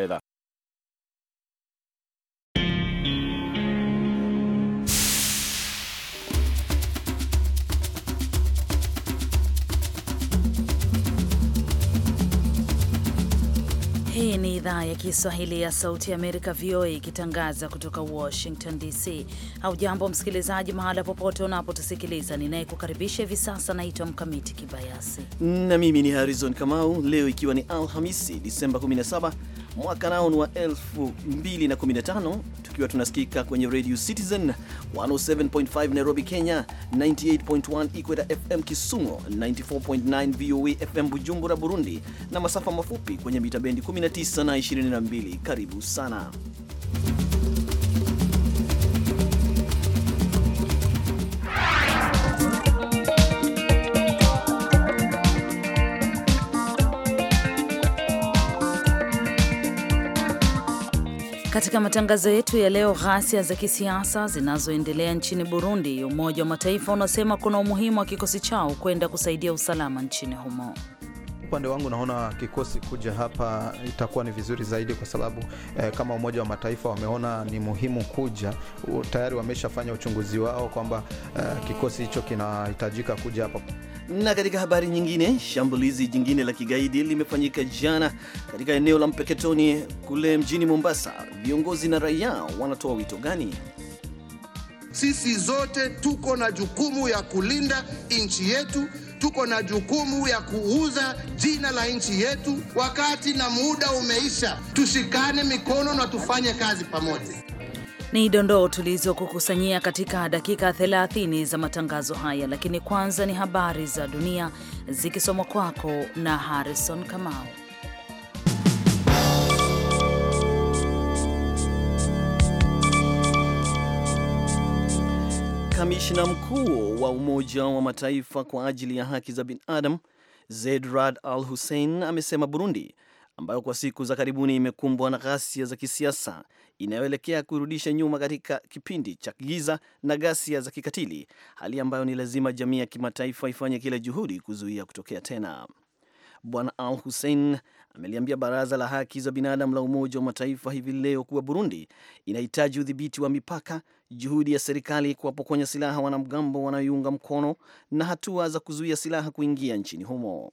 rueda. Hii ni idhaa ya Kiswahili ya Sauti ya Amerika, VOA, ikitangaza kutoka Washington DC. Haujambo msikilizaji, mahala popote unapotusikiliza. Ninayekukaribisha hivi sasa naitwa Mkamiti Kibayasi na mimi ni Harrison Kamau. Leo ikiwa ni Alhamisi, Disemba 17 mwaka nao ni wa 2015 tukiwa tunasikika kwenye Radio Citizen 107.5 Nairobi, Kenya, 98.1 Ikweta FM Kisumu, 94.9 VOA FM Bujumbura, Burundi, na masafa mafupi kwenye mita bendi 19 na 22. Karibu sana. Katika matangazo yetu ya leo, ghasia za kisiasa zinazoendelea nchini Burundi, Umoja wa Mataifa unasema kuna umuhimu wa kikosi chao kwenda kusaidia usalama nchini humo upande wangu naona kikosi kuja hapa itakuwa ni vizuri zaidi, kwa sababu eh, kama Umoja wa Mataifa wameona ni muhimu kuja tayari, wameshafanya uchunguzi wao kwamba eh, kikosi hicho kinahitajika kuja hapa. Na katika habari nyingine, shambulizi jingine la kigaidi limefanyika jana katika eneo la Mpeketoni kule mjini Mombasa. Viongozi na raia wanatoa wito gani? Sisi zote tuko na jukumu ya kulinda nchi yetu tuko na jukumu ya kuuza jina la nchi yetu. Wakati na muda umeisha, tushikane mikono na tufanye kazi pamoja. Ni dondoo tulizokukusanyia katika dakika 30 za matangazo haya, lakini kwanza ni habari za dunia zikisomwa kwako na Harrison Kamau. Kamishna mkuu wa Umoja wa Mataifa kwa ajili ya haki za binadamu zedrad Al Hussein amesema Burundi, ambayo kwa siku za karibuni imekumbwa na ghasia za kisiasa, inayoelekea kurudisha nyuma katika kipindi cha giza na ghasia za kikatili, hali ambayo ni lazima jamii ya kimataifa ifanye kila juhudi kuzuia kutokea tena. Bwana Al Hussein ameliambia baraza la haki za binadamu la Umoja wa Mataifa hivi leo kuwa Burundi inahitaji udhibiti wa mipaka, juhudi ya serikali kuwapokonya silaha wanamgambo wanaoiunga mkono na hatua za kuzuia silaha kuingia nchini humo.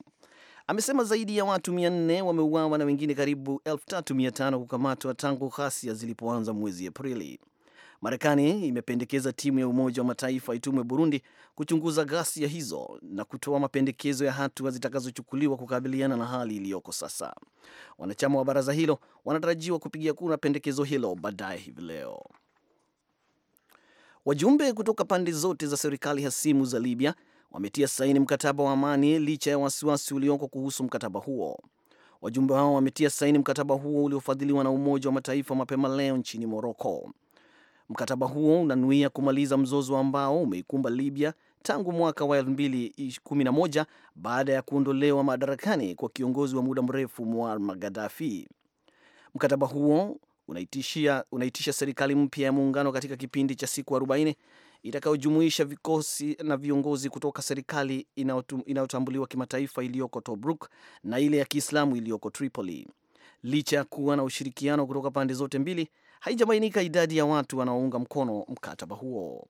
Amesema zaidi ya watu 400 wameuawa na wengine karibu 3500 kukamatwa tangu ghasia zilipoanza mwezi Aprili. Marekani imependekeza timu ya Umoja wa Mataifa itumwe Burundi kuchunguza ghasia hizo na kutoa mapendekezo ya hatua zitakazochukuliwa kukabiliana na hali iliyoko sasa. Wanachama wa baraza hilo wanatarajiwa kupigia kura pendekezo hilo baadaye hivi leo. Wajumbe kutoka pande zote za serikali hasimu za Libya wametia saini mkataba wa amani licha ya wasiwasi ulioko kuhusu mkataba huo. Wajumbe hao wametia saini mkataba huo uliofadhiliwa na Umoja wa Mataifa mapema leo nchini Moroko. Mkataba huo unanuia kumaliza mzozo ambao umeikumba Libya tangu mwaka wa 2011 baada ya kuondolewa madarakani kwa kiongozi wa muda mrefu Muammar Gaddafi. Mkataba huo unaitisha, unaitisha serikali mpya ya muungano katika kipindi cha siku 40 itakayojumuisha vikosi na viongozi kutoka serikali inayotambuliwa kimataifa iliyoko Tobruk na ile ya Kiislamu iliyoko Tripoli. Licha ya kuwa na ushirikiano kutoka pande zote mbili, Haijabainika idadi ya watu wanaounga mkono mkataba huo.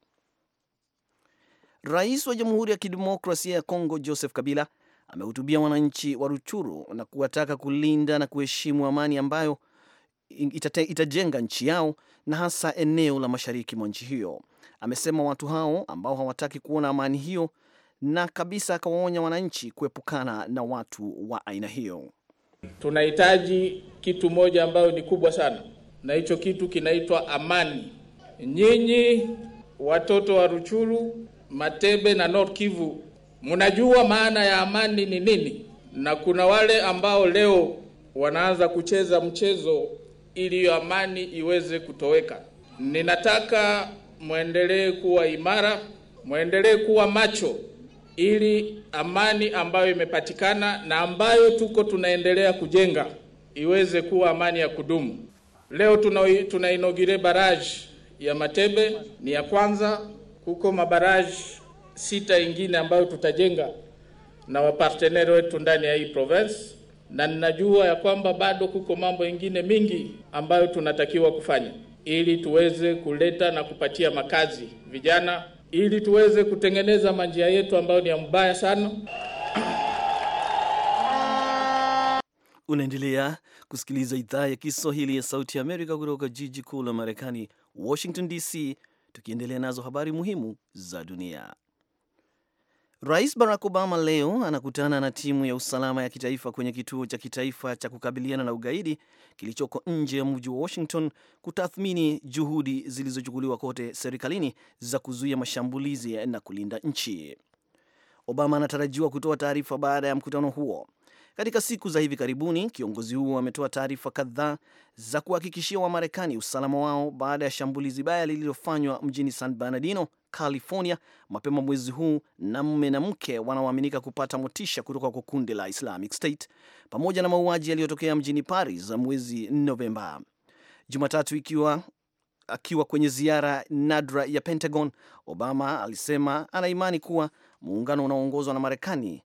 Rais wa Jamhuri ya Kidemokrasia ya Kongo Joseph Kabila amehutubia wananchi wa Ruchuru na kuwataka kulinda na kuheshimu amani ambayo itate, itajenga nchi yao na hasa eneo la mashariki mwa nchi hiyo. Amesema watu hao ambao hawataki kuona amani hiyo na kabisa akawaonya wananchi kuepukana na watu wa aina hiyo. Tunahitaji kitu moja ambayo ni kubwa sana na hicho kitu kinaitwa amani. Nyinyi watoto wa Ruchuru, Matebe na North Kivu mnajua maana ya amani ni nini, na kuna wale ambao leo wanaanza kucheza mchezo ili amani iweze kutoweka. Ninataka mwendelee kuwa imara, mwendelee kuwa macho ili amani ambayo imepatikana na ambayo tuko tunaendelea kujenga iweze kuwa amani ya kudumu. Leo tunainogire baraji ya Matebe, ni ya kwanza. Kuko mabaraji sita ingine ambayo tutajenga na waparteneri wetu ndani ya hii province, na ninajua ya kwamba bado kuko mambo ingine mingi ambayo tunatakiwa kufanya ili tuweze kuleta na kupatia makazi vijana, ili tuweze kutengeneza manjia yetu ambayo ni ya mbaya sana. Unaendelea kusikiliza idhaa ya Kiswahili ya Sauti ya Amerika kutoka jiji kuu la Marekani, Washington DC, tukiendelea nazo habari muhimu za dunia. Rais Barack Obama leo anakutana na timu ya usalama ya kitaifa kwenye kituo cha kitaifa cha kukabiliana na ugaidi kilichoko nje ya mji wa Washington kutathmini juhudi zilizochukuliwa kote serikalini za kuzuia mashambulizi na kulinda nchi. Obama anatarajiwa kutoa taarifa baada ya mkutano huo. Katika siku za hivi karibuni, kiongozi huo ametoa taarifa kadhaa za kuhakikishia Wamarekani usalama wao baada ya shambulizi baya lililofanywa mjini San Bernardino, California mapema mwezi huu na mume na mke wanaoaminika kupata motisha kutoka kwa kundi la Islamic State pamoja na mauaji yaliyotokea mjini Paris mwezi Novemba. Jumatatu ikiwa akiwa kwenye ziara nadra ya Pentagon, Obama alisema anaimani kuwa muungano unaoongozwa na Marekani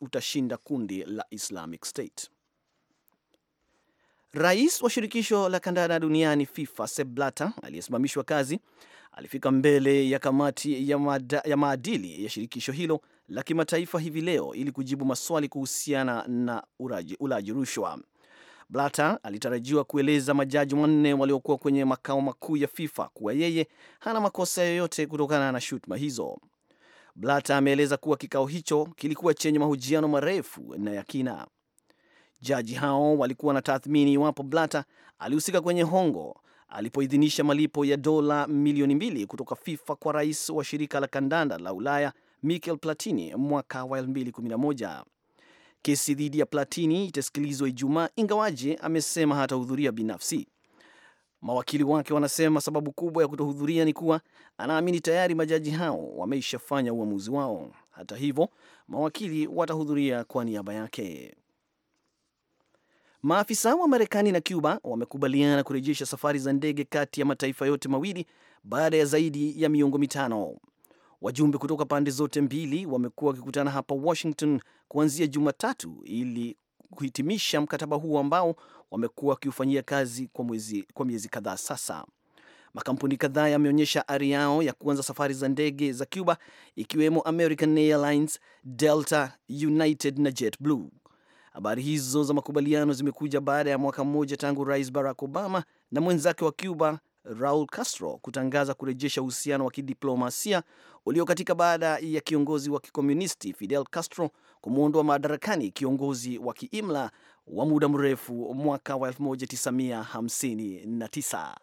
utashinda kundi la Islamic State. Rais wa shirikisho la kandanda duniani FIFA Sepp Blatter aliyesimamishwa kazi alifika mbele ya kamati ya, mada, ya maadili ya shirikisho hilo la kimataifa hivi leo ili kujibu maswali kuhusiana na ulaji, ulaji rushwa. Blatter alitarajiwa kueleza majaji wanne waliokuwa kwenye makao makuu ya FIFA kuwa yeye hana makosa yoyote kutokana na shutuma hizo. Blata ameeleza kuwa kikao hicho kilikuwa chenye mahojiano marefu na ya kina. Jaji hao walikuwa na tathmini iwapo Blata alihusika kwenye hongo alipoidhinisha malipo ya dola milioni mbili kutoka FIFA kwa rais wa shirika la kandanda la Ulaya Michel Platini mwaka wa 2011. Kesi dhidi ya Platini itasikilizwa Ijumaa, ingawaje amesema hatahudhuria binafsi. Mawakili wake wanasema sababu kubwa ya kutohudhuria ni kuwa anaamini tayari majaji hao wameishafanya uamuzi wao. Hata hivyo, mawakili watahudhuria kwa niaba yake. Maafisa wa Marekani na Cuba wamekubaliana kurejesha safari za ndege kati ya mataifa yote mawili baada ya zaidi ya miongo mitano. Wajumbe kutoka pande zote mbili wamekuwa wakikutana hapa Washington kuanzia Jumatatu ili kuhitimisha mkataba huu ambao wamekuwa wakiufanyia kazi kwa, mwezi, kwa miezi kadhaa sasa. Makampuni kadhaa yameonyesha ari yao ya kuanza safari za ndege za Cuba ikiwemo American Airlines, Delta, United na JetBlue. Habari hizo za makubaliano zimekuja baada ya mwaka mmoja tangu Rais Barack Obama na mwenzake wa Cuba Raul Castro kutangaza kurejesha uhusiano wa kidiplomasia uliokatika baada ya kiongozi wa kikomunisti Fidel Castro kumuondoa madarakani kiongozi wa kiimla wa muda mrefu mwaka wa 1959.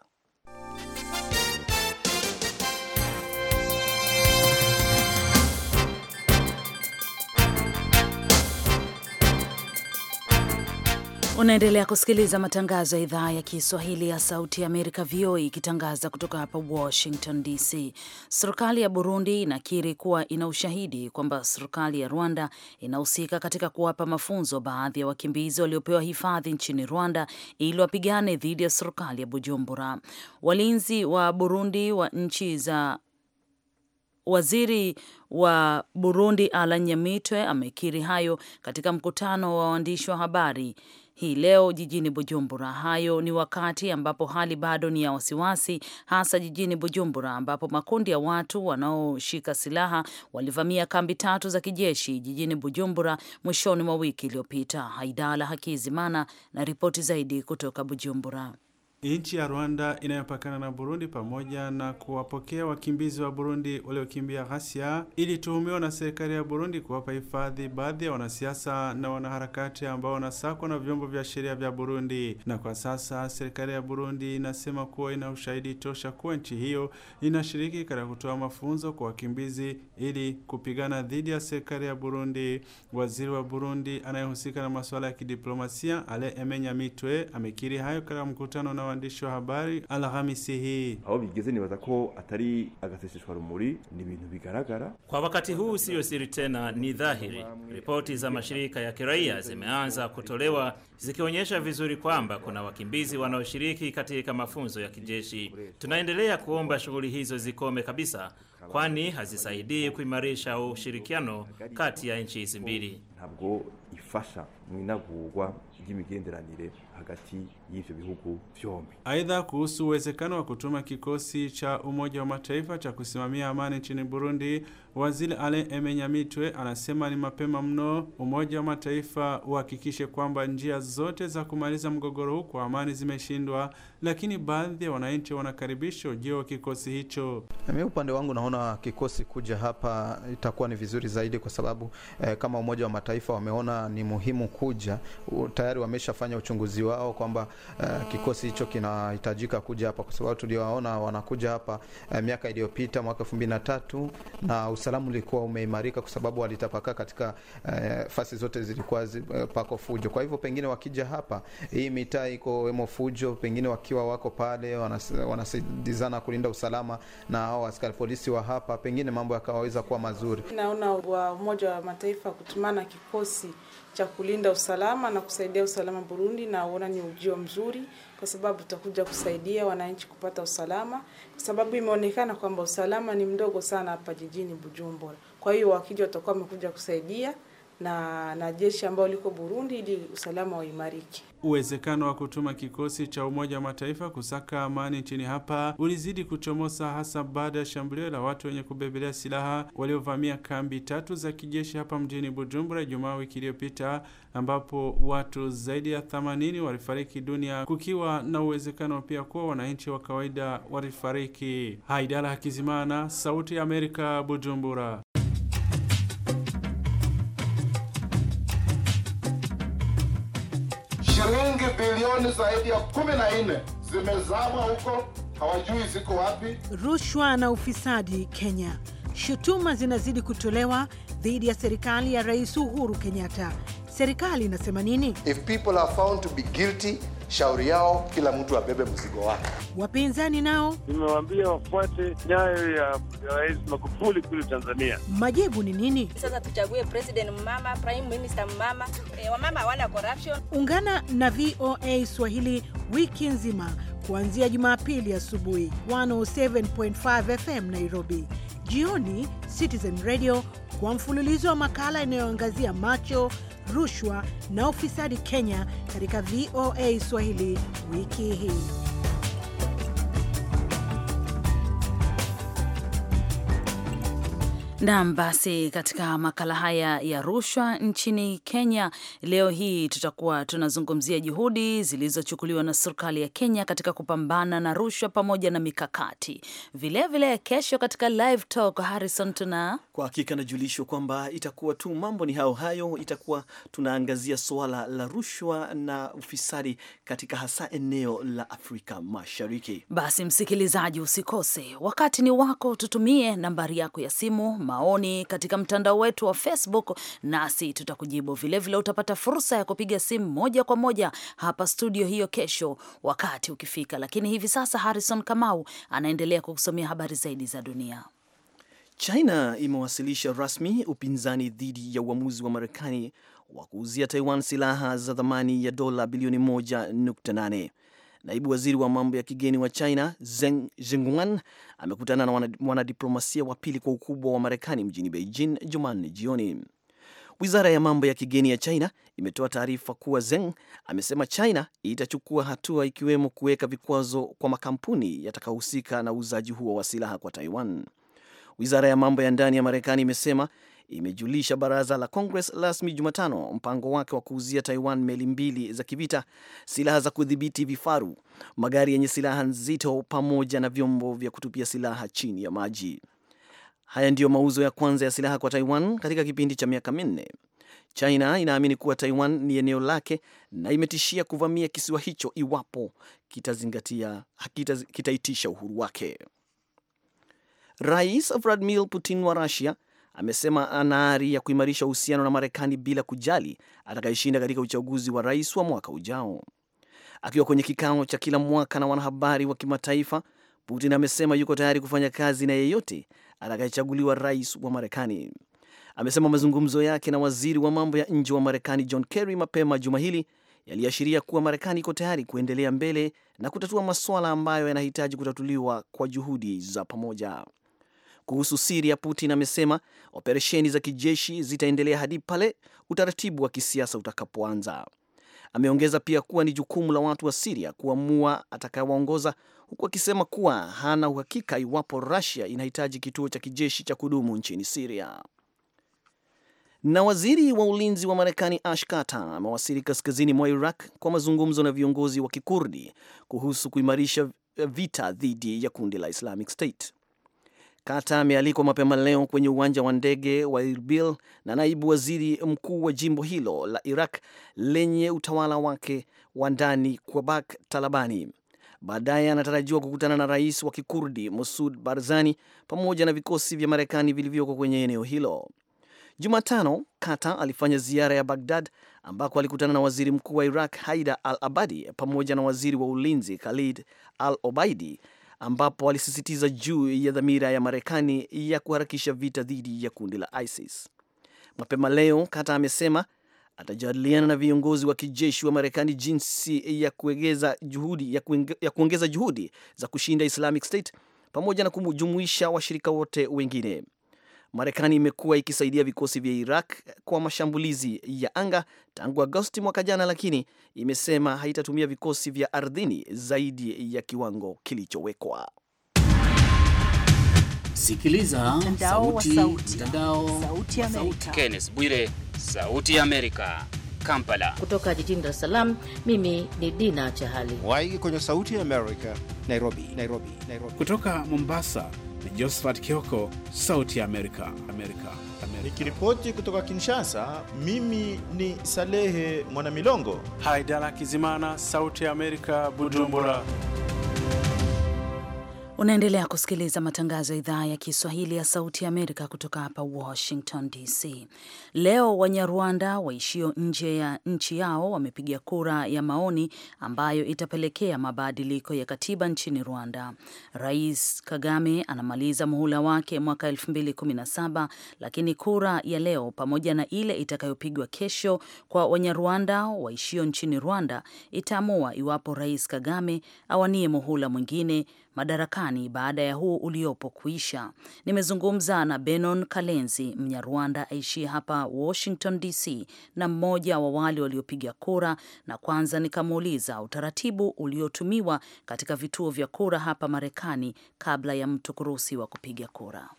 Unaendelea kusikiliza matangazo ya idhaa ya Kiswahili ya Sauti ya Amerika, VOA, ikitangaza kutoka hapa Washington DC. Serikali ya Burundi inakiri kuwa ina ushahidi kwamba serikali ya Rwanda inahusika katika kuwapa mafunzo baadhi ya wakimbizi waliopewa hifadhi nchini Rwanda ili wapigane dhidi ya serikali ya Bujumbura. Walinzi wa Burundi wa nchi za Waziri wa Burundi Alan Nyamitwe amekiri hayo katika mkutano wa waandishi wa habari hii leo jijini Bujumbura. Hayo ni wakati ambapo hali bado ni ya wasiwasi, hasa jijini Bujumbura ambapo makundi ya watu wanaoshika silaha walivamia kambi tatu za kijeshi jijini Bujumbura mwishoni mwa wiki iliyopita. Haidala Hakizimana na ripoti zaidi kutoka Bujumbura. Nchi ya Rwanda inayopakana na Burundi pamoja na kuwapokea wakimbizi wa Burundi waliokimbia ghasia, ilituhumiwa na serikali ya Burundi kuwapa hifadhi baadhi ya wanasiasa na wanaharakati ambao wanasakwa na vyombo vya sheria vya Burundi. Na kwa sasa serikali ya Burundi inasema kuwa ina ushahidi tosha kuwa nchi hiyo inashiriki katika kutoa mafunzo kwa wakimbizi ili kupigana dhidi ya serikali ya Burundi. Waziri wa Burundi anayehusika na masuala ya kidiplomasia Ale Emenya Mitwe amekiri hayo katika mkutano na waandishi wa habari Alhamisi hii. Aho bigeze nibaza ko atari agaseseshwa rumuri ni ibintu bigaragara. Kwa wakati huu siyo siri tena, ni dhahiri. Ripoti za mashirika ya kiraia zimeanza kutolewa zikionyesha vizuri kwamba kuna wakimbizi wanaoshiriki katika mafunzo ya kijeshi. Tunaendelea kuomba shughuli hizo zikome kabisa, kwani hazisaidii kuimarisha ushirikiano kati ya nchi hizi mbili. ntabwo ifasha mwinagurwa ry'imigenderanire hagati y'ivyo bihugu vyombi. Aidha, kuhusu uwezekano wa kutuma kikosi cha Umoja wa Mataifa cha kusimamia amani nchini Burundi, Waziri Alain Emenyamitwe anasema ni mapema mno Umoja wa Mataifa uhakikishe kwamba njia zote za kumaliza mgogoro huu kwa amani zimeshindwa, lakini baadhi ya wananchi wanakaribisha ujio wa kikosi hicho. Mimi upande wangu naona kikosi kuja hapa itakuwa ni vizuri zaidi kwa sababu eh, kama Umoja wa Mataifa wameona ni muhimu kuja tayari wameshafanya uchunguzi wao kwamba uh, kikosi hicho kinahitajika kuja hapa, kwa sababu tuliwaona wanakuja hapa uh, miaka iliyopita mwaka 2003 na usalama ulikuwa umeimarika, kwa sababu walitapakaa katika uh, fasi zote zilikuwa zi, uh, pako fujo. Kwa hivyo pengine wakija hapa, hii mitaa iko wemo fujo, pengine wakiwa wako pale wanas, wanasidizana kulinda usalama na hao askari polisi wa hapa, pengine mambo yakawaweza kuwa mazuri. Naona wa Umoja wa Mataifa kutumana kikosi cha kulinda usalama na kusaidia usalama Burundi, na uona ni ujio mzuri, kwa sababu tutakuja kusaidia wananchi kupata usalama, kwa sababu imeonekana kwamba usalama ni mdogo sana hapa jijini Bujumbura. Kwa hiyo wakija watakuwa wamekuja kusaidia na na jeshi ambao liko Burundi ili usalama waimariki. Uwezekano wa kutuma kikosi cha Umoja wa Mataifa kusaka amani nchini hapa ulizidi kuchomosa hasa baada ya shambulio la watu wenye kubebelea silaha waliovamia kambi tatu za kijeshi hapa mjini Bujumbura Jumaa wiki iliyopita, ambapo watu zaidi ya 80 walifariki dunia, kukiwa na uwezekano pia kuwa wananchi wa kawaida walifariki. Haidara Hakizimana, Sauti ya Amerika, Bujumbura. Shilingi bilioni zaidi ya kumi na nne zimezama huko, hawajui ziko wapi. Rushwa na ufisadi Kenya. Shutuma zinazidi kutolewa dhidi ya serikali ya Rais Uhuru Kenyatta. Serikali inasema nini? If people are found to be guilty shauri yao, kila mtu abebe mzigo wake. Wapinzani nao nimewaambia wafuate nyayo ya Rais Magufuli kule Tanzania. Majibu ni nini? Sasa tuchague president mama, prime minister mama. E, eh, wamama hawana corruption. Ungana na VOA Swahili wiki nzima kuanzia Jumapili asubuhi 107.5 FM Nairobi, jioni Citizen Radio kwa mfululizo wa makala inayoangazia macho, rushwa na ufisadi Kenya katika VOA Swahili wiki hii. Nam, basi katika makala haya ya rushwa nchini Kenya leo hii tutakuwa tunazungumzia juhudi zilizochukuliwa na serikali ya Kenya katika kupambana na rushwa pamoja na mikakati vilevile vile. Kesho katika live talk, Harrison, tuna kwa hakika najulishwa kwamba itakuwa tu mambo ni hayo hayo, itakuwa tunaangazia suala la rushwa na ufisadi katika hasa eneo la Afrika Mashariki. Basi msikilizaji, usikose, wakati ni wako, tutumie nambari yako ya simu maoni katika mtandao wetu wa Facebook, nasi tutakujibu vilevile. Vile utapata fursa ya kupiga simu moja kwa moja hapa studio hiyo kesho wakati ukifika, lakini hivi sasa Harrison Kamau anaendelea kukusomea habari zaidi za dunia. China imewasilisha rasmi upinzani dhidi ya uamuzi wa Marekani wa kuuzia Taiwan silaha za thamani ya dola bilioni 1.8. Naibu waziri wa mambo ya kigeni wa China Zeng Jingwan amekutana na mwanadiplomasia wa pili kwa ukubwa wa Marekani mjini Beijing Jumanne jioni. Wizara ya mambo ya kigeni ya China imetoa taarifa kuwa Zeng amesema China itachukua hatua ikiwemo kuweka vikwazo kwa makampuni yatakayohusika na uuzaji huo wa silaha kwa Taiwan. Wizara ya mambo ya ndani ya Marekani imesema imejulisha baraza la Congress rasmi Jumatano mpango wake wa kuuzia Taiwan meli mbili za kivita, silaha za kudhibiti vifaru, magari yenye silaha nzito, pamoja na vyombo vya kutupia silaha chini ya maji. Haya ndiyo mauzo ya kwanza ya silaha kwa Taiwan katika kipindi cha miaka minne. China inaamini kuwa Taiwan ni eneo lake na imetishia kuvamia kisiwa hicho iwapo kitazingatia kitaitisha uhuru wake. Rais Vladimir Putin wa Russia amesema ana ari ya kuimarisha uhusiano na Marekani bila kujali atakayeshinda katika uchaguzi wa rais wa mwaka ujao. Akiwa kwenye kikao cha kila mwaka na wanahabari wa kimataifa, Putin amesema yuko tayari kufanya kazi na yeyote atakayechaguliwa rais wa Marekani. Amesema mazungumzo yake na waziri wa mambo ya nje wa Marekani John Kerry mapema juma hili yaliashiria kuwa Marekani iko tayari kuendelea mbele na kutatua masuala ambayo yanahitaji kutatuliwa kwa juhudi za pamoja. Kuhusu Siria, Putin amesema operesheni za kijeshi zitaendelea hadi pale utaratibu wa kisiasa utakapoanza. Ameongeza pia kuwa ni jukumu la watu wa Siria kuamua atakayewaongoza, huku akisema kuwa hana uhakika iwapo Rusia inahitaji kituo cha kijeshi cha kudumu nchini Siria. Na waziri wa ulinzi wa Marekani Ash Carter amewasili kaskazini mwa Iraq kwa mazungumzo na viongozi wa Kikurdi kuhusu kuimarisha vita dhidi ya kundi la Islamic State kata amealikwa mapema leo kwenye uwanja wa ndege wa Erbil na naibu waziri mkuu wa jimbo hilo la Iraq lenye utawala wake wa ndani Kwabak Talabani. Baadaye anatarajiwa kukutana na rais wa kikurdi Masud Barzani pamoja na vikosi vya Marekani vilivyoko kwenye eneo hilo. Jumatano, kata alifanya ziara ya Bagdad ambako alikutana na waziri mkuu wa Iraq haida al Abadi pamoja na waziri wa ulinzi Khalid al Obaidi ambapo walisisitiza juu ya dhamira ya Marekani ya kuharakisha vita dhidi ya kundi la ISIS. Mapema leo Kata amesema atajadiliana na viongozi wa kijeshi wa Marekani jinsi ya kuongeza juhudi, ya kuongeza juhudi za kushinda Islamic State pamoja na kujumuisha washirika wote wengine. Marekani imekuwa ikisaidia vikosi vya Iraq kwa mashambulizi ya anga tangu Agosti mwaka jana, lakini imesema haitatumia vikosi vya ardhini zaidi ya kiwango kilichowekwa. Sikiliza mtandao wa sauti, Kenneth Bwire, Sauti ya Amerika, Kampala. Kutoka jijini Dar es Salaam, mimi ni Dina Chahali Waigi kwenye Sauti ya Amerika, Nairobi, Nairobi, Nairobi. Kutoka Mombasa ni Josephat Kioko, Sauti ya Amerika, Amerika. Nikiripoti kutoka Kinshasa, mimi ni Salehe Mwanamilongo. Haidala Kizimana, Sauti ya Amerika, Bujumbura. Unaendelea kusikiliza matangazo ya idhaa ya Kiswahili ya Sauti ya Amerika kutoka hapa Washington DC. Leo Wanyarwanda waishio nje ya nchi yao wamepiga kura ya maoni ambayo itapelekea mabadiliko ya katiba nchini Rwanda. Rais Kagame anamaliza muhula wake mwaka 2017 lakini kura ya leo pamoja na ile itakayopigwa kesho kwa Wanyarwanda waishio nchini Rwanda itaamua iwapo Rais Kagame awanie muhula mwingine madarakani baada ya huu uliopo kuisha. Nimezungumza na Benon Kalenzi, Mnyarwanda aishie hapa Washington DC na mmoja wa wale waliopiga kura, na kwanza nikamuuliza utaratibu uliotumiwa katika vituo vya kura hapa Marekani kabla ya mtu kuruhusiwa kupiga kura.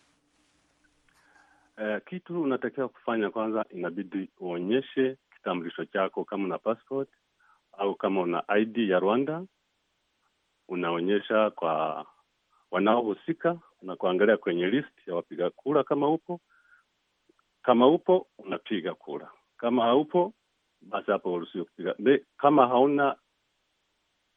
Uh, kitu unatakiwa kufanya kwanza, inabidi uonyeshe kitambulisho chako kama una passport au kama una ID ya Rwanda unaonyesha kwa wanaohusika na kuangalia kwenye list ya wapiga kura, kama upo kama upo unapiga kura, kama haupo basi hapo huruhusiwi kupiga. Kama hauna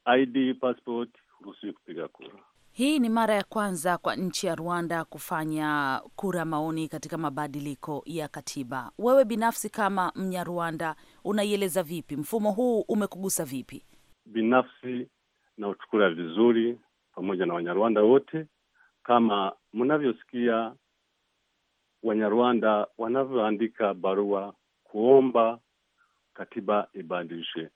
ID passport, huruhusiwi kupiga kura. Hii ni mara ya kwanza kwa nchi ya Rwanda kufanya kura maoni katika mabadiliko ya katiba. Wewe binafsi kama Mnyarwanda unaieleza vipi? Mfumo huu umekugusa vipi? Binafsi naochukula vizuri, pamoja na Wanyarwanda wote. Kama mnavyosikia Wanyarwanda wanavyoandika barua kuomba katiba ibadilishwe,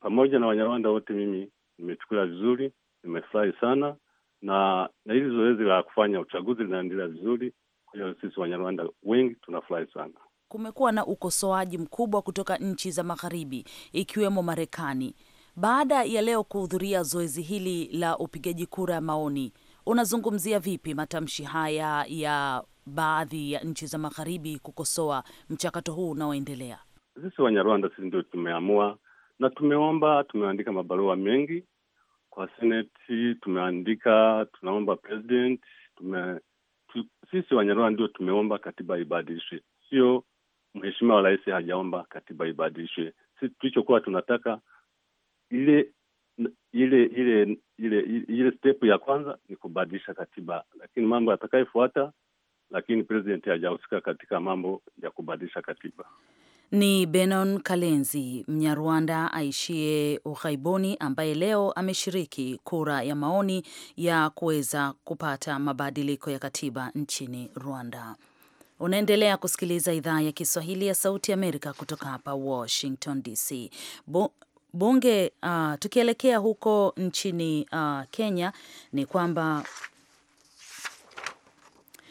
pamoja na Wanyarwanda wote, mimi nimechukula vizuri, nimefurahi sana na na hili zoezi la kufanya uchaguzi linaendelea vizuri. Kwa hiyo sisi Wanyarwanda wengi tunafurahi sana. Kumekuwa na ukosoaji mkubwa kutoka nchi za magharibi ikiwemo Marekani. Baada ya leo kuhudhuria zoezi hili la upigaji kura ya maoni, unazungumzia vipi matamshi haya ya baadhi ya nchi za magharibi kukosoa mchakato huu unaoendelea? Sisi Wanyarwanda, sisi ndio tumeamua na tumeomba, tumeandika mabarua mengi kwa seneti, tumeandika tunaomba president, tume tu, sisi Wanyarwanda ndio tumeomba katiba ibadilishwe, sio mheshimiwa rais hajaomba katiba ibadilishwe. Sisi tulichokuwa tunataka ile ile ile ile ile step ya kwanza ni kubadilisha katiba, lakini mambo yatakayofuata, lakini president hajahusika katika mambo ya kubadilisha katiba. Ni Benon Kalenzi, Mnyarwanda aishie ughaibuni, ambaye leo ameshiriki kura ya maoni ya kuweza kupata mabadiliko ya katiba nchini Rwanda. Unaendelea kusikiliza idhaa ya Kiswahili ya Sauti Amerika kutoka hapa Washington DC bunge uh, tukielekea huko nchini uh, Kenya ni kwamba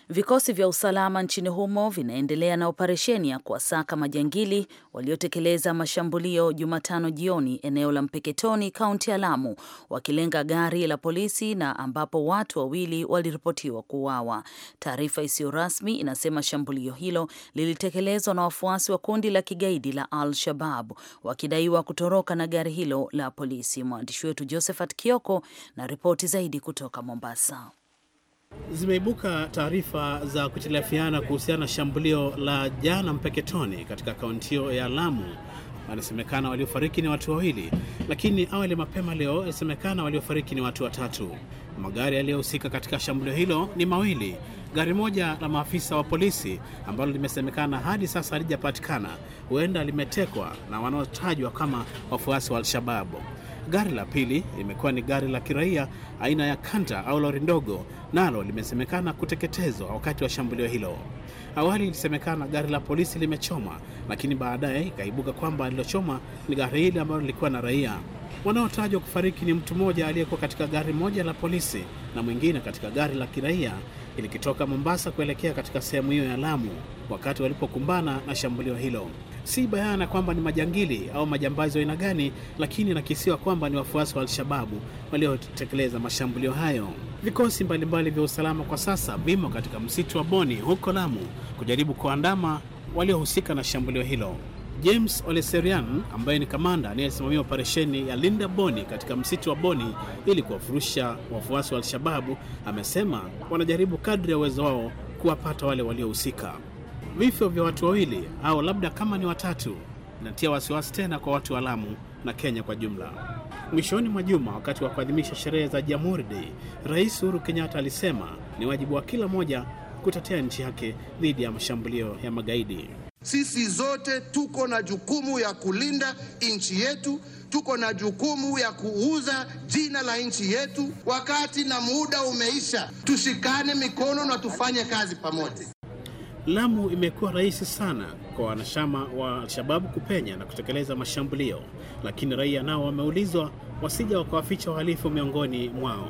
Vikosi vya usalama nchini humo vinaendelea na operesheni ya kuwasaka majangili waliotekeleza mashambulio Jumatano jioni eneo la Mpeketoni, kaunti ya Lamu, wakilenga gari la polisi na ambapo watu wawili waliripotiwa kuuawa. Taarifa isiyo rasmi inasema shambulio hilo lilitekelezwa na wafuasi wa kundi la kigaidi la Al Shabab wakidaiwa kutoroka na gari hilo la polisi. Mwandishi wetu Josephat Kioko na ripoti zaidi kutoka Mombasa. Zimeibuka taarifa za kutilafiana kuhusiana na shambulio la jana Mpeketoni katika kaunti hiyo ya Lamu. Wanasemekana waliofariki ni watu wawili, lakini awali mapema leo inasemekana waliofariki ni watu watatu. Magari yaliyohusika katika shambulio hilo ni mawili, gari moja la maafisa wa polisi ambalo limesemekana hadi sasa halijapatikana, huenda limetekwa na wanaotajwa kama wafuasi wa Al-Shababu. Gari la pili limekuwa ni gari la kiraia aina ya kanta au lori ndogo, nalo limesemekana kuteketezwa wakati wa shambulio hilo. Awali ilisemekana gari la polisi limechoma, lakini baadaye ikaibuka kwamba lilochoma ni gari hili ambalo lilikuwa na raia. Wanaotajwa kufariki ni mtu mmoja aliyekuwa katika gari moja la polisi na mwingine katika gari la kiraia likitoka Mombasa kuelekea katika sehemu hiyo ya Lamu wakati walipokumbana na shambulio hilo si bayana kwamba ni majangili au majambazi wa aina gani, lakini inakisiwa kwamba ni wafuasi wa Al-Shababu waliotekeleza mashambulio hayo. Vikosi mbalimbali vya usalama kwa sasa vimo katika msitu wa Boni huko Lamu kujaribu kuandama waliohusika na shambulio hilo. James Oleserian ambaye ni kamanda anayesimamia operesheni ya Linda Boni katika msitu wa Boni ili kuwafurusha wafuasi wa Al-Shababu amesema wanajaribu kadri ya uwezo wao kuwapata wale waliohusika. Vifo vya watu wawili au labda kama ni watatu inatia wasiwasi tena kwa watu wa Lamu na Kenya kwa jumla. Mwishoni mwa juma, wakati wa kuadhimisha sherehe za Jamhuri Day, Rais Uhuru Kenyatta alisema ni wajibu wa kila mmoja kutetea nchi yake dhidi ya mashambulio ya magaidi. Sisi zote tuko na jukumu ya kulinda nchi yetu, tuko na jukumu ya kuuza jina la nchi yetu. Wakati na muda umeisha, tushikane mikono na tufanye kazi pamoja. Lamu imekuwa rahisi sana kwa wanachama wa Alshababu kupenya na kutekeleza mashambulio, lakini raia nao wameulizwa wasija wakawaficha wahalifu miongoni mwao.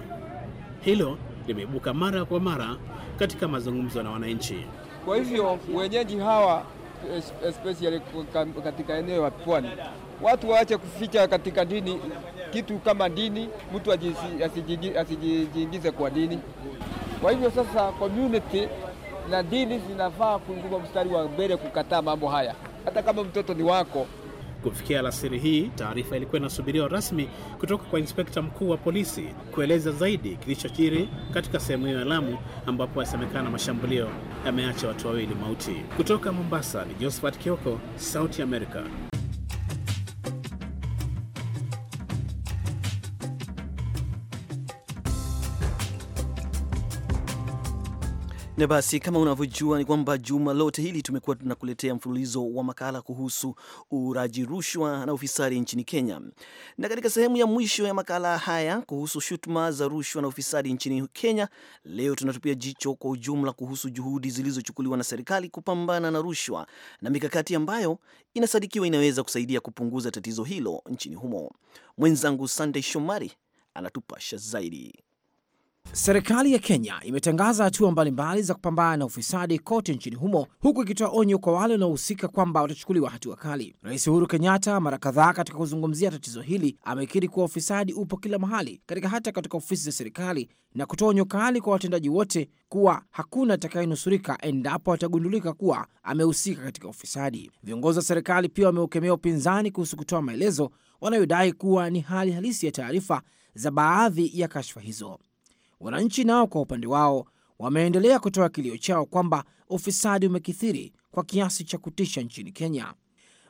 Hilo limeibuka mara kwa mara katika mazungumzo na wananchi. Kwa hivyo wenyeji hawa especially katika eneo ya pwani, watu waache kuficha katika dini kitu kama dini, mtu asijiingize kwa dini. Kwa hivyo sasa community na dini zinafaa kuinuka mstari wa mbele kukataa mambo haya, hata kama mtoto ni wako. Kufikia alasiri hii, taarifa ilikuwa inasubiriwa rasmi kutoka kwa inspekta mkuu wa polisi kueleza zaidi kilichojiri katika sehemu hiyo ya Lamu ambapo yasemekana mashambulio yameacha watu wawili mauti. Kutoka Mombasa ni Josephat Kioko, Sauti Amerika. Na basi kama unavyojua ni kwamba juma lote hili tumekuwa tunakuletea mfululizo wa makala kuhusu uraji rushwa na ufisadi nchini Kenya. Na katika sehemu ya mwisho ya makala haya kuhusu shutuma za rushwa na ufisadi nchini Kenya, leo tunatupia jicho kwa ujumla kuhusu juhudi zilizochukuliwa na serikali kupambana na rushwa na mikakati ambayo inasadikiwa inaweza kusaidia kupunguza tatizo hilo nchini humo. Mwenzangu sandey Shomari anatupasha zaidi. Serikali ya Kenya imetangaza hatua mbalimbali za kupambana na ufisadi kote nchini humo, huku ikitoa onyo kwa wale wanaohusika kwamba watachukuliwa hatua kali. Rais Uhuru Kenyatta mara kadhaa katika kuzungumzia tatizo hili amekiri kuwa ufisadi upo kila mahali, katika hata katika ofisi za serikali, na kutoa onyo kali kwa watendaji wote kuwa hakuna atakayenusurika endapo atagundulika kuwa amehusika katika ufisadi. Viongozi wa serikali pia wameukemea upinzani kuhusu kutoa maelezo wanayodai kuwa ni hali halisi ya taarifa za baadhi ya kashfa hizo. Wananchi nao kwa upande wao wameendelea kutoa kilio chao kwamba ufisadi umekithiri kwa kiasi cha kutisha nchini Kenya.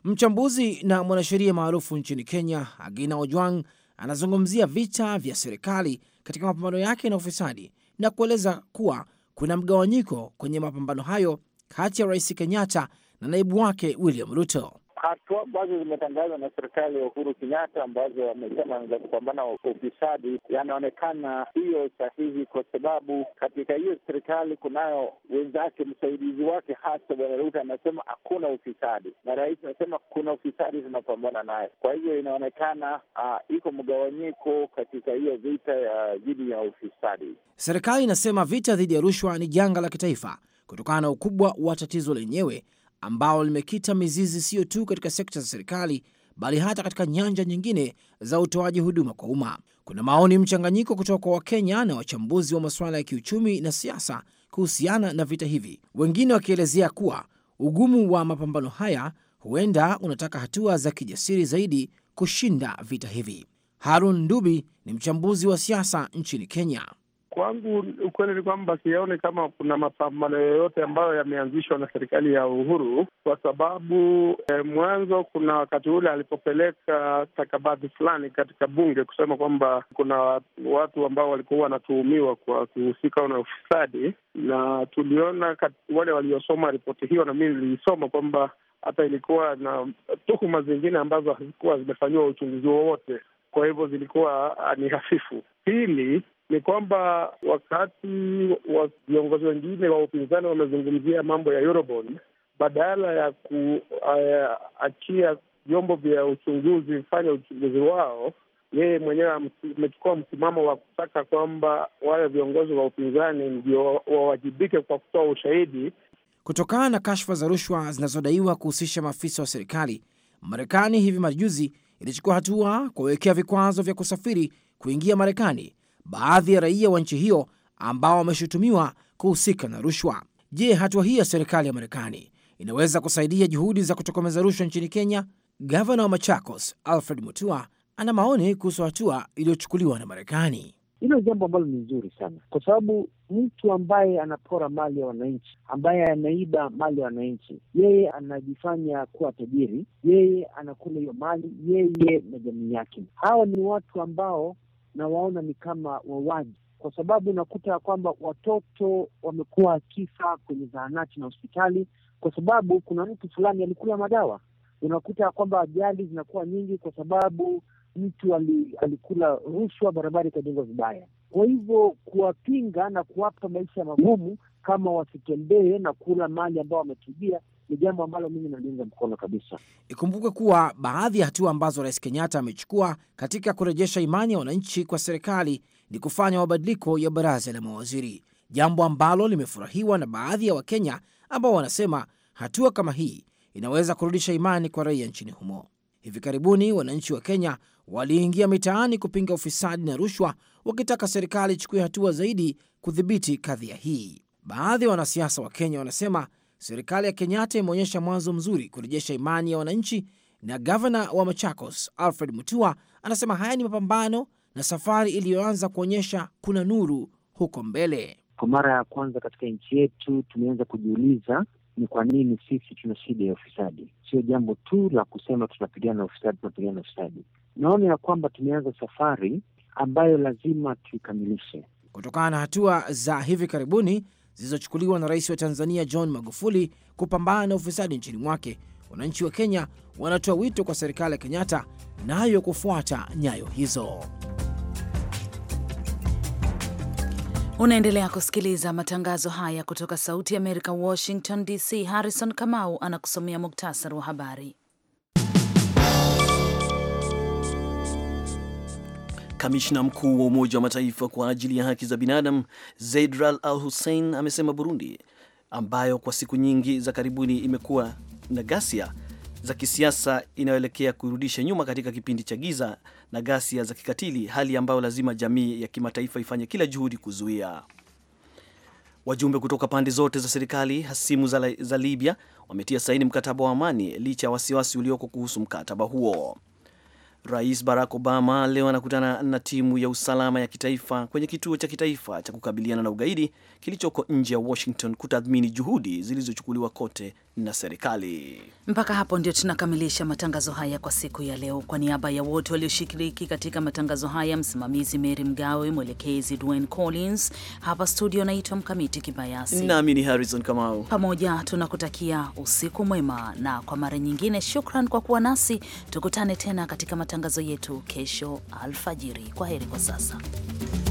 Mchambuzi na mwanasheria maarufu nchini Kenya, Agina Ojwang, anazungumzia vita vya serikali katika mapambano yake na ufisadi na kueleza kuwa kuna mgawanyiko kwenye mapambano hayo kati ya Rais Kenyatta na naibu wake William Ruto hatua ambazo zimetangazwa na serikali ya Uhuru Kenyatta ambazo amesema za kupambana kwa ufisadi yanaonekana hiyo sahihi, kwa sababu katika hiyo serikali kunayo wenzake, msaidizi wake hasa Bwana Ruto anasema hakuna ufisadi na rais anasema kuna ufisadi, tunapambana naye. Kwa hivyo inaonekana uh, iko mgawanyiko katika hiyo vita ya dhidi ya ufisadi. Serikali inasema vita dhidi ya rushwa ni janga la kitaifa kutokana na ukubwa wa tatizo lenyewe ambao limekita mizizi sio tu katika sekta za serikali bali hata katika nyanja nyingine za utoaji huduma kwa umma. Kuna maoni mchanganyiko kutoka kwa Wakenya na wachambuzi wa masuala ya kiuchumi na siasa kuhusiana na vita hivi, wengine wakielezea kuwa ugumu wa mapambano haya huenda unataka hatua za kijasiri zaidi kushinda vita hivi. Harun Dubi ni mchambuzi wa siasa nchini Kenya. Kwangu ukweli ni kwamba siyaone kama kuna mapambano yoyote ambayo yameanzishwa na serikali ya Uhuru kwa sababu eh, mwanzo kuna wakati ule alipopeleka stakabadhi fulani katika bunge kusema kwamba kuna watu ambao walikuwa wanatuhumiwa kwa kuhusika na ufisadi, na tuliona kat, wale waliosoma ripoti hiyo, na mimi nilisoma kwamba hata ilikuwa na tuhuma zingine ambazo hazikuwa zimefanyiwa uchunguzi wowote, kwa hivyo zilikuwa ah, ni hafifu. Pili, ni kwamba wakati wa viongozi wengine wa upinzani wamezungumzia mambo ya Eurobond, badala ya kuachia eh, vyombo vya uchunguzi vifanye uchunguzi wao, yeye mwenyewe amechukua msimamo wa kutaka kwamba wale viongozi wa upinzani ndio wawajibike kwa kutoa ushahidi. Kutokana na kashfa za rushwa zinazodaiwa kuhusisha maafisa wa serikali, Marekani hivi majuzi ilichukua hatua kuwawekea vikwazo vya kusafiri kuingia Marekani baadhi ya raia wa nchi hiyo ambao wameshutumiwa kuhusika na rushwa. Je, hatua hii ya serikali ya Marekani inaweza kusaidia juhudi za kutokomeza rushwa nchini Kenya? Gavana wa Machakos Alfred Mutua ana maoni kuhusu hatua iliyochukuliwa na Marekani. Hilo jambo ambalo ni nzuri sana, kwa sababu mtu ambaye anapora mali ya wananchi, ambaye anaiba mali ya wananchi, yeye anajifanya kuwa tajiri, yeye anakula hiyo mali, yeye na jamii yake. Hawa ni watu ambao nawaona ni kama wawaji kwa sababu unakuta ya kwamba watoto wamekuwa wakifa kwenye zahanati na hospitali kwa sababu kuna mtu fulani alikula madawa. Unakuta ya kwamba ajali zinakuwa nyingi kwa sababu mtu alikula rushwa, barabara ikajengwa vibaya. Kwa hivyo kuwapinga na kuwapa maisha magumu, kama wasitembee na kula mali ambao wametubia ni jambo ambalo mimi naliunga mkono kabisa. Ikumbuke kuwa baadhi ya hatua ambazo Rais Kenyatta amechukua katika kurejesha imani ya wananchi kwa serikali ni kufanya mabadiliko ya baraza la mawaziri, jambo ambalo limefurahiwa na baadhi ya Wakenya ambao wanasema hatua kama hii inaweza kurudisha imani kwa raia nchini humo. Hivi karibuni wananchi wa Kenya waliingia mitaani kupinga ufisadi na rushwa, wakitaka serikali ichukue hatua zaidi kudhibiti kadhia hii. Baadhi ya wanasiasa wa Kenya wanasema serikali ya Kenyatta imeonyesha mwanzo mzuri kurejesha imani ya wananchi, na gavana wa Machakos Alfred Mutua anasema haya ni mapambano na safari iliyoanza kuonyesha kuna nuru huko mbele. Kwa mara ya kwanza katika nchi yetu tumeanza kujiuliza ni kwa nini sisi tuna shida ya ufisadi. Sio jambo tu la kusema tunapigana na ufisadi, tunapigana na ufisadi. Naona ya kwamba tumeanza safari ambayo lazima tuikamilishe. Kutokana na hatua za hivi karibuni zilizochukuliwa na rais wa Tanzania John Magufuli kupambana na ufisadi nchini mwake, wananchi wa Kenya wanatoa wito kwa serikali ya Kenyatta nayo kufuata nyayo hizo. Unaendelea kusikiliza matangazo haya kutoka Sauti ya Amerika, Washington DC. Harrison Kamau anakusomea muktasari wa habari. Kamishna mkuu wa Umoja wa Mataifa kwa ajili ya haki za binadamu Zeidral Al Hussein amesema Burundi, ambayo kwa siku nyingi za karibuni imekuwa na ghasia za kisiasa, inayoelekea kurudisha nyuma katika kipindi cha giza na ghasia za kikatili, hali ambayo lazima jamii ya kimataifa ifanye kila juhudi kuzuia. Wajumbe kutoka pande zote za serikali hasimu za Libya wametia saini mkataba wa amani licha ya wasiwasi ulioko kuhusu mkataba huo. Rais Barack Obama leo anakutana na timu ya usalama ya kitaifa kwenye kituo cha kitaifa cha kukabiliana na ugaidi kilichoko nje ya Washington kutathmini juhudi zilizochukuliwa kote na serikali. Mpaka hapo ndio tunakamilisha matangazo haya kwa siku ya leo. Kwa niaba ya wote walioshiriki katika matangazo haya, msimamizi Mary Mgawe, mwelekezi Dwayne Collins, hapa studio naitwa Mkamiti Kibayasi nami ni Harrison Kamau. Pamoja tunakutakia usiku mwema, na kwa mara nyingine shukran kwa kuwa nasi. Tukutane tena katika matangazo matangazo yetu kesho alfajiri. Kwa heri kwa sasa.